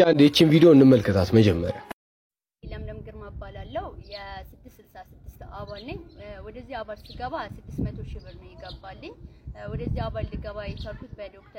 እስኪ አንድ ይችን ቪዲዮ እንመልከታት። መጀመሪያ ለምለም ግርማ እባላለሁ የ666 አባል ነኝ። ወደዚህ አባል ስገባ 600 ሺህ ብር ነው ይገባልኝ። ወደዚህ አባል ልገባ የቻልኩት በዶክተር